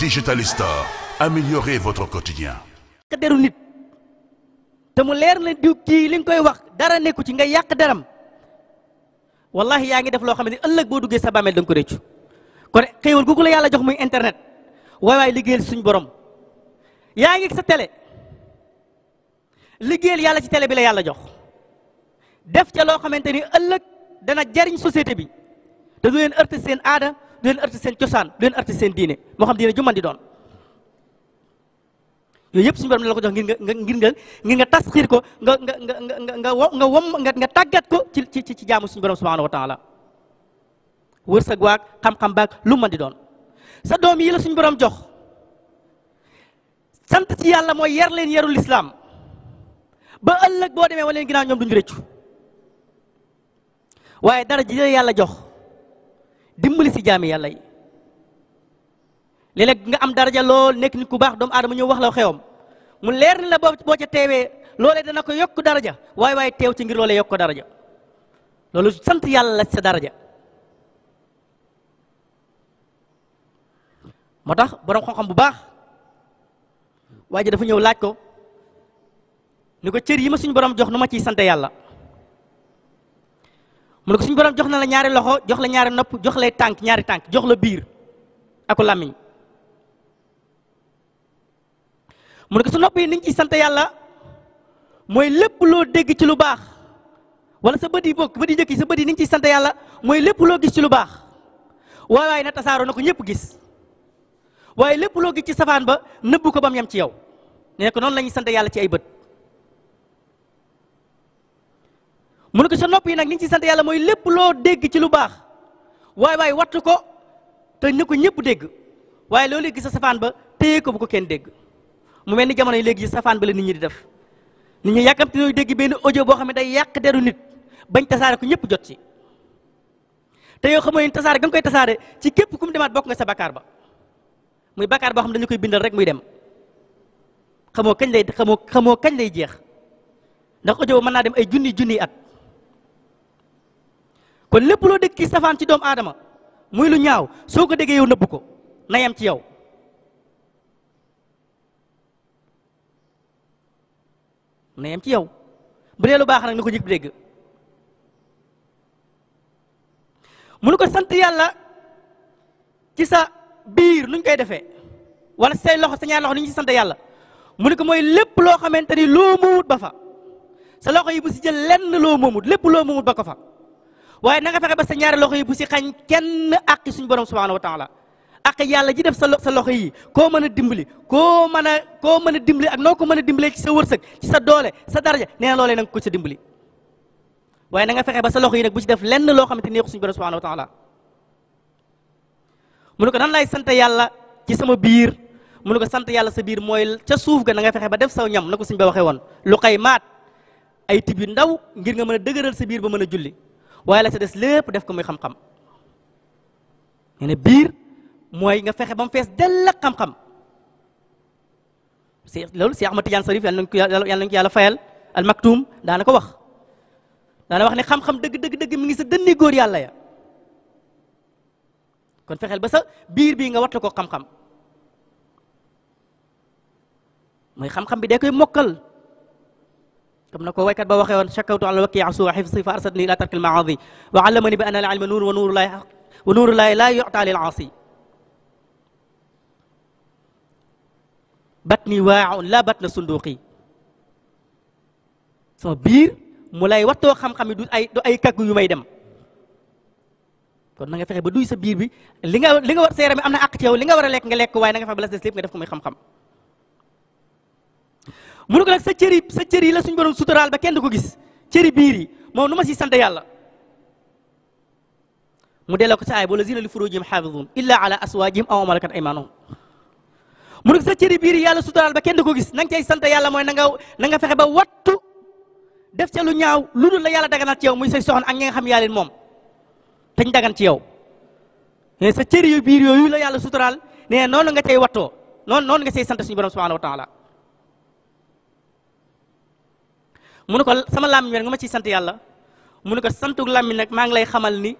Digital Store améliorez votre quotidien ka deru nit te mu leer na diw kii li nga koy wax dara nekku ci nga yàq daram wallahi yaa ngi def loo xam ne ëllëg boo duggee sa bàmmeel da ko réccu kon xéewal googu la yàlla jox muy internet waay waaye liggéeyal suñ borom yaa ngi sa tele liggéeyal yàlla ci tele bi la yàlla jox def ca loo xamante ni ëllëg dana jariñ société bi te du leen heurter seen aada du leen arti seen cosaan du leen arti seen diine moo xam diine ju man di doon yooyu yëpp suñu borom la ko jox ngir nga ngir nga ngir nga tasxiir ko nga nga nga nga nga nga wom ko ci ci ci jaamu suñ borom subhanahu wa taala wërsëg waag xam-xam baag lu mën di doon sa doom yi la suñu borom jox sant si yàlla mooy yar leen yarul islaam ba ëllëg boo demee wala leen ginnaaw ñoom duñu rëccu waaye dara ji la yàlla jox dimbali si jaami yàlla yi léeg-léeg nga am daraja lool nekk nit ku baax doomu aadama ñëw wax la xewam mu leer ni la boo boo ca teewee loolee dana ko yokk daraja waaye waaye teew ci ngir loolee yokk ko daraja loolu sant yàlla la sa daraja moo tax borom xam-xam bu baax waa ji dafa ñëw laaj ko ni ko cër yi ma suñu borom jox nu ma ciy sant yàlla mu ne ko suñu borom jox na la ñaari loxo jox la ñaari nopp jox lay tànk ñaari tànk jox la biir aku làmmiñ mu ne su nopp yi niñ ciy sant yàlla mooy lépp loo dégg ci lu baax wala sa bët yi bokk bët yi njëkk sa bët yi niñ ciy sant yàlla mooy lépp loo gis ci lu baax waaye waaye na tasaaroo na ko ñëpp gis waaye lépp loo gis ci safaan ba nëbbu ko ba yam ci yow nee ko noonu lañuy ñuy sant yàlla ci ay bët mu ne ko sa nopp yi nag ni ñu ci sant yàlla mooy lépp loo dégg ci lu baax waaye waaye wattu ko te ne ko ñëpp dégg waaye loo léegi sa safaan ba téye ko bu ko kenn dégg mu mel ni jamono yi léegi safaan ba la nit ñi di def nit ñi yàkkamti nooy dégg benn audio boo xam ne day yàq deru nit bañ tasaare ko ñëpp jot ci te yoo xam tasaare ga nga koy tasaare ci képp ku demaat bokk nga sa bakkaar ba muy bakkaar boo xam ne dañu koy bindal rek muy dem xamoo kañ lay xamoo xamoo kañ lay jeex ndax mën naa dem ay junni junni at kon lépp loo dégg ki safaan ci doomu aadama muy lu ñaaw soo ko déggee yow nëbb ko na yem ci yow na ci yow bu dee lu baax nag ni ko jik bi dégg munu ko sant yàlla ci sa biir nuñ koy defee wala say loxo sa ñaar loxo ni ñu ci sant yàlla mu ne ko mooy lépp loo xamante ni loo moomut ba fa sa loxo yi bu si jël lenn loo moomut lépp loo moomut ba ko fa waaye na nga ba sa ñaari loxo yi bu si xañ kenn àqi suñu borom subhanahu wa taala ak yàlla ji def sa sa loxo yi koo mën a dimbali koo mën a koo mën a dimbali ak noo ko mën a dimbalee ci sa wërsëg ci sa doole sa daraja nee na loolee ko sa dimbali waaye na nga fexe ba sa loxo yi nag bu ci def lenn loo xamante neexu suñu borom subhanahu wa taala mu ne ko nan lay sant yàlla ci sama biir mu ko sant yàlla sa biir mooy ca suuf ga na nga fexe ba def saw ñam na ko suñ ba waxee woon lu maat ay tib ndaw ngir nga mën a sa biir ba mën a julli waaye la sa des lépp def ko mooy xam-xam nee biir mooy nga fexe ba mu fees dell ak xam-xam si loolu si Ahmad Tidiane Sarif yàlla nañ ko yàlla yàlla fayal al maktum daana ko wax daana wax ne xam-xam dëgg dëgg dëgg mi ngi sa dënni góor yàlla ya kon fexeel ba sa biir bii nga wattu ko xam-xam mooy xam-xam bi day koy mokkal comme na ko waykat ba waxee woon chakawtu ala wakki an a xifsi fa arsatni ila tarkil maadi wa allamani bi anna al ilma nuur wa nuuru laahi wa nuuru laahi laa yuta lil aasi batni waaun la batna sunduqi sama biir mu lay wattoo xam-xam yi du ay du kaggu yu may dem kon na fexe ba duy sa biir bi li nga li nga war seera mi am na àq ci war lekk nga lekk waaye na nga fexe ba la des lépp nga xam-xam mu ne sa cër sa cër yi la suñu borom suturaal ba kenn du ko gis cëri biir yi moom nu ma siy sant yàlla mu delloo ko ci aay wala zina li furujihim xaafidun illa ala aswaajihim aw malakat aymanuhum mu ne ko sa cëri biir yi yàlla suturaal ba kenn du ko gis na nga cay sant yàlla mooy na nga na fexe ba wattu def ca lu ñaaw lu dul la yàlla daganal ci yow muy say soxna ak nga xam yaa moom tañ dagan ci yow mais sa cëri yu biir yooyu la yàlla suturaal nee noonu nga cay wattoo noonu noonu nga cay sant suñu borom subhanahu wa mu ne ko sama làmmiñ rek nga ma ciy sant yàlla mu ne ko santuk làmmiñ nag maa ngi lay xamal ni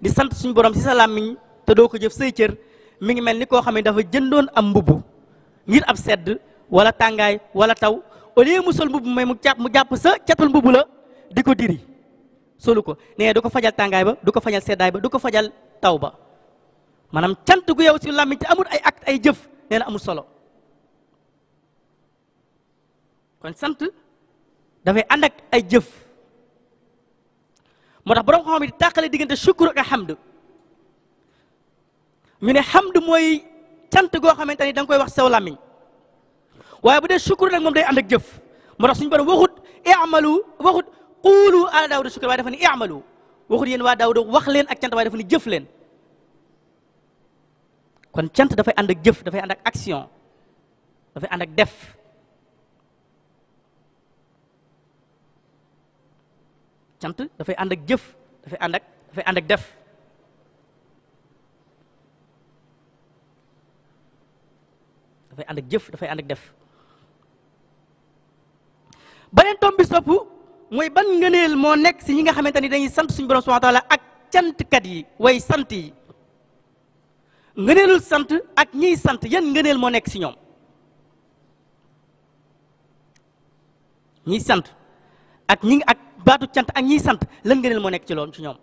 di sant suñu borom si sa làmmiñ te doo ko jëf say cër mi ngi mel ni koo xam ne dafa jëndoon am mbubb ngir ab sedd wala tàngaay wala taw au mu sol mbubb may mu jàpp mu jàpp sa catul mbubb la di ko diri solu ko nee du ko fajal tàngaay ba du ko fajal seddaay ba du ko fajal taw ba maanaam cant gu yow si làmmiñ te amul ay acte ay jëf nee na amul solo dafay ànd ak ay jëf moo tax borom xam-xam yi di tàqale diggante sukkur ak hamd ñu ne hamd mooy cant goo xamante ni da koy wax saw làmmiñ waaye bu dee sukkur nag moom day ànd ak jëf moo tax suñu borom waxut i'malu waxut quulu ala daawuda sukkur waaye dafa ni i'malu waxut yéen waa daawuda wax leen ak cant waaye dafa ni jëf leen kon cant dafay ànd ak jëf dafay ànd ak action dafay ànd def sant dafay ànd ak jëf dafay ànd ak ànd ak def dafay ànd jëf dafay ànd def beneen bi sopp mooy ban ngëneel moo nekk ci ñi nga xamante ni dañuy sant suñu borom subhanahu wa taala ak cantkat yi way sant yi ngëneelul sant ak ñiy sant yan ngëneel moo nekk ci ñoom ñiy sant ak ñi ak baatu cant ak ñiy sant lan ngëneel moo nekk ci loolu ci ñoom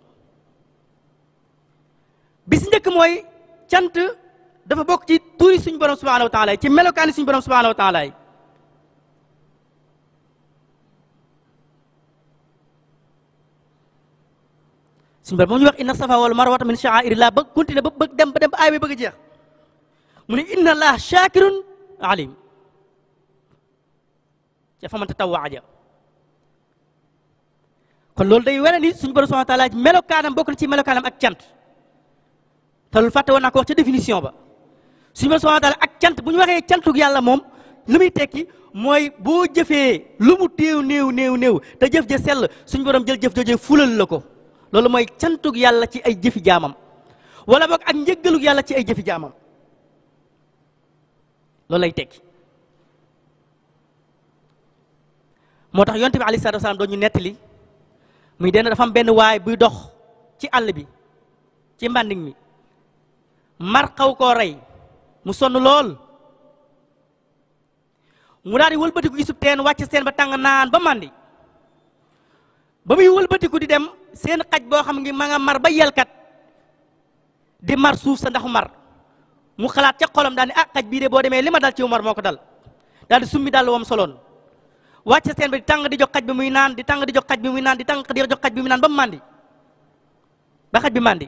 bi njëkk mooy cant dafa bokk ci tuuri suñ borom subhanahu wa ci melokaani suñu borom subhanahu wa taala yi suñu borom moom ñu wax inna safa wal min sha'airillah ba ba bëgg dem ba dem ba aay ba bëgg a jeex mu ne inna allah shakirun alim waaja kon loolu day wane ni suñu borom soo wa taala melokaanam bokk na ci melokaanam ak cant te loolu fàtte woon naa ko wax ca définition ba suñu borom subhanahu wa ak cant bu ñu waxee cantuk yàlla moom li muy tekki mooy boo jëfee lu mu téew néew néew néew te jëf ja sell suñu borom jël jëf jooje fulal la ko loolu mooy cantuk yàlla ci ay jëfi jaamam wala boog ak njëggaluk yàlla ci ay jëfi jaamam loolu lay tekki moo tax yonent bi alayhi salaatu wa salaam doon ñu muy den dafa benn waay buy dox ci àll bi ci mbànding mi mar xaw koo rey mu sonn lool mu daal di wëlbatiku gisub teen seen ba tàng naan ba màndi ba muy wëlbatiku di dem seen xaj boo xam ngi ma mar ba yelkat di mar suuf sa ndaxu mar mu xalaat ca xolam daal ni ah xaj bii boo demee li ma dal ci mar moo ko dal daal di summi dal wam soloon wàcc seen bi di tàng di jox xaj bi muy naan di tàng di jox bi muy naan di tàng di jox xaj bi muy naan mu màndi ba xaj bi màndi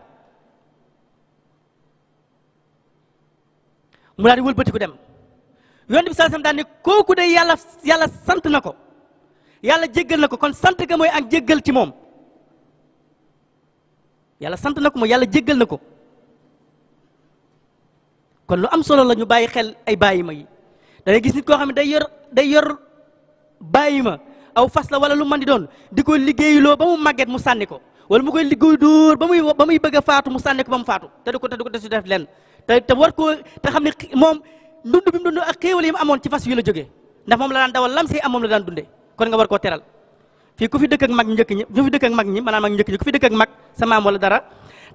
mu wëlbatiku dem yonent bi sallallahu alayhi wasallam daal ne kooku de yàlla yàlla sant na ko yàlla jéggal na ko kon sant ga mooy ak jéggal ci moom yàlla sant na ko mooy yàlla jéggal na ko kon lu am solo la ñu bàyyi xel ay bàyyi ma yi da nit koo xam ne day yor day yor. bàyyi ma aw fas la wala lu mën di doon di ko liggéeyuloo ba mu màgget mu sànni ko wala mu koy liggéey dóor ba muy ba muy bëgg a faatu mu sànni ko ba mu faatu te du ko te du ko te def lenn te te war koo te xam ne moom dund bi mu dund ak xéewal yi amoon ci fas wi la jógee ndax moom la daan dawal lam say am moom la daan dundee kon nga war koo teral fii ku fi dëkk ak mag njëkk ñi ku fi dëkk ak mag ñi maanaam mag njëkk ñi ku fi dëkk mag sa maam wala dara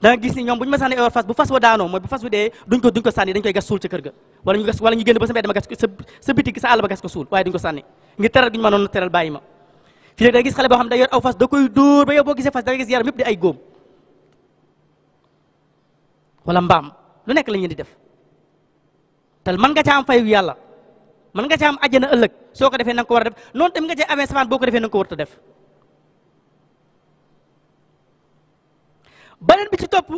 da gis ni ñoom bu ñu ma sànni yor fas bu fas wa daanoo mooy bu fas wi dee duñ ko duñ dañ koy gas suul ci kër ga wala ñu gas wala ñu génn gas ko suul waaye duñ ko sànni ngir teral gi ñu mënoon teral bàyyi ma fii nag gis xale boo xam day yor aw fas da koy ba yow boo gisee fas da gis yaram yëpp di ay góom wala mbaam lu nekk la ñu di def te man nga ca am yàlla mën nga ci am àjjana ëllëg soo ko defee na nga ko war a def noonu tamit nga ci amee safaan boo ko defee na ko war a def beneen bi ci topp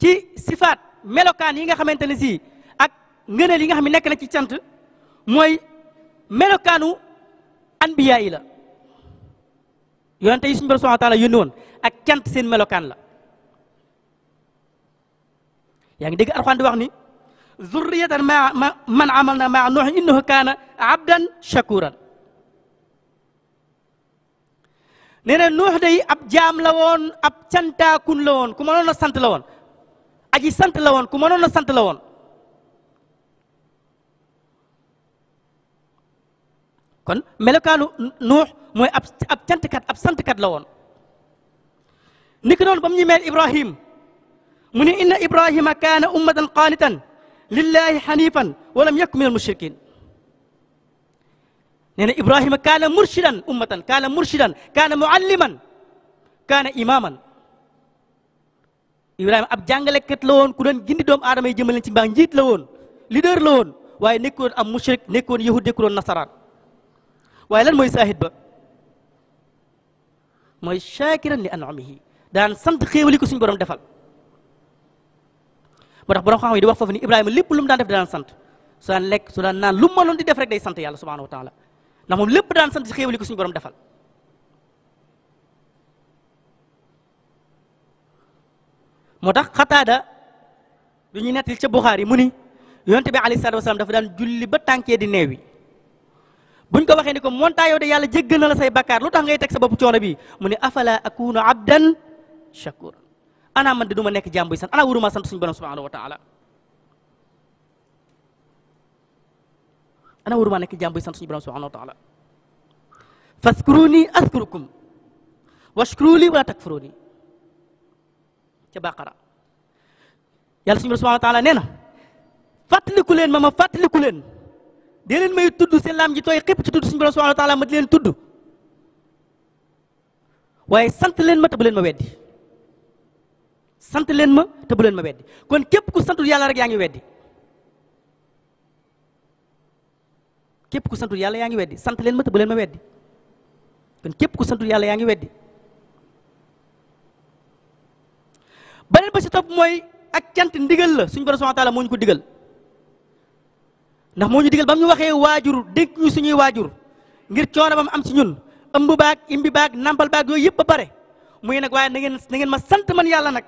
ci sifaat melokaan yi nga xamante ne si ak ngëneel yi nga xam ne nekk na ci cant mooy melokaanu anbiya yi la yonente yi suñu borom subhanahu wa taala woon ak cant seen melokaan la yaa ngi dégg alxuraan wax ni zurriyatan maa ma man amal na maa nuuh innahu kaana abdan shakuran nee na nuux day ab jaam la woon ab cantaakun la woon ku mënoon a sant la woon aji sant la woon ku mënoon a sant la woon kon melokaanu nuux mooy ab ab cantkat ab santkat la woon niki noonu ba mu ñu mel ibrahim mu ne inna ibrahima kaana ummatan qaanitan lillahi xanifan walam yakun min al mushrikin nee na ibrahima kaana mursidan ummatan kaana mursidan kaana mualliman kaana imaman ibrahima ab jàngalekat la woon ku doon gindi doomu aadama yi jëmaleen ci mbaa njiit la woon leader la woon waaye nekkoon am mushrik nekkoon yahud nekkoon nasaraan waaye lan mooy saahid ba mooy shaakiran li anamihi daan sant xéewali ko suñu borom defal moo tax borom xam yi di wax foofu ni Ibrahima lépp lu mu daan def daan sant su daan lekk su daan naan lu mu mënoon di def rek day sant yàlla subhanahu wa taala ndax moom lépp daan sant si xéewal ko suñu borom defal moo tax xataada du ñu nettali ca Buxaari mu ni yoon bi alayhi salaatu wasalaam dafa daan julli ba tànkee di neewi buñ ko waxee ni ko montaa yow de yàlla jéggal na la say bakaar lu tax ngay teg sa bopp coono bi mu ni afala akunu abdan shakuran ana man de du ma nekk jaam buy sant ana waruma sant wa taala ana waruma sant suñu borom subhanahu wa taala faskuruni askurukum washkuru li wala takfuruni ca baqara yàlla suñu borom subhanahu wa taala nee na fàttaliku leen ma ma fàttaliku leen dee leen may tudd seen laam ji tooy xépp ci tudd suñu borom subhanahu wa ma di leen tudd sant leen ma te bu ma weddi sant leen ma te bu leen ma weddi kon képp ku santul yàlla rek yaa ngi weddi képp ku santul yàlla yaa ngi weddi sant leen ma te bu leen ma weddi kon képp ku santul yàlla yaa ngi weddi beneen ba ci topp mooy ak cant ndigal la suñu borom subhanahu wa taala moo ko digal ndax moo ñu digal ba mu ñu waxee waajur dénk ñu suñuy waajur ngir coono ba mu am ci ñun ëmb baag imbi baag nampal baag yooyu yëpp ba pare muy nag waaye na ngeen na ngeen ma sant man yàlla nag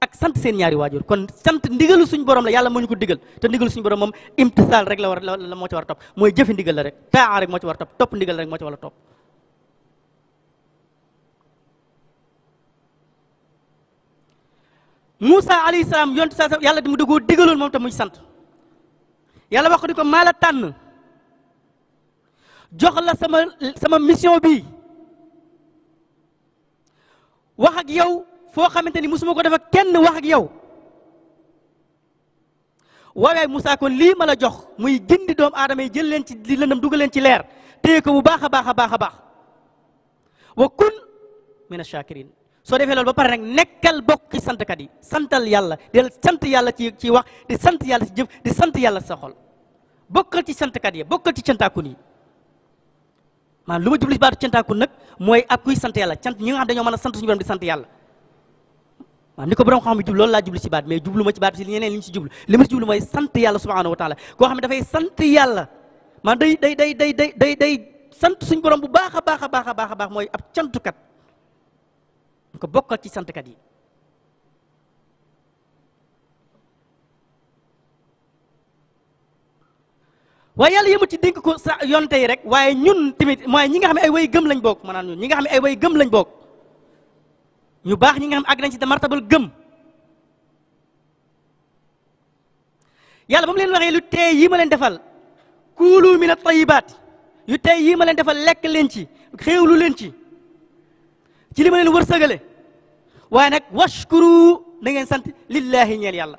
ak sant seen ñaari waajur kon sant ndigalu suñ borom la yàlla moo ñu ko digal te ndigalu suñu borom moom imtisaal rek la war la moo ci war a topp mooy jëfi ndigal la rek taa rek moo war a topp topp ndigal rek moo ci war a topp Moussa alayhi salaam yontu yàlla di mu dëggoo digaloon moom te muy sant yàlla wax ko di ko maa la tànn jox la sama sama mission bi wax ak yow foo xamante ni musuma ko def ak kenn wax ak yow waaye musaa kon lii ma la jox muy gindi doomu aadama yi jël leen ci di lëndam dugal leen ci leer téye ko bu baax a baax a baax a baax wa kun mina shakirin soo defee loolu ba pare nag nekkal bokk ci santkat yi santal yàlla del sant yàlla ci ci wax di sant yàlla ci jëf di sant yàlla soxol xol bokkal ci santkat yi bokkal ci cantaakun yi maanaam lu ma jubli ci baatu cantaakun nag mooy ab kuy sant yàlla cant ñi nga xam dañoo mën a sant suñu borom di sant yàlla waaw ni ko borom xam-xam jublu loolu laa jublu ci baat mais jublu ma ci baat bi si ñeneen li ñu ci jublu li ma mooy sant yàlla subhanahu wa koo xam dafay sant yàlla man day day day day day day day sant suñ borom bu baax a baax a baax a baax a baax mooy ab cantukat ko bokkal ci santkat yi waaye yàlla yëmu ci dénk ko sa yonte yi rek waaye ñun tamit mooy ñi nga xam ne ay way gëm lañ bokk maanaam ñi nga xam ne ay gëm lañ bokk ñu baax ñi nga xam àgg nañ ci martabal gëm yàlla ba leen waxee lu tey yi ma leen defal kuulu min at-tayyibaat yu tey yii ma leen defal lekk leen ci xéewlu leen ci ci li ma leen wërsëgale waaye nag washkuru na ngeen sant lillahi ñeel yàlla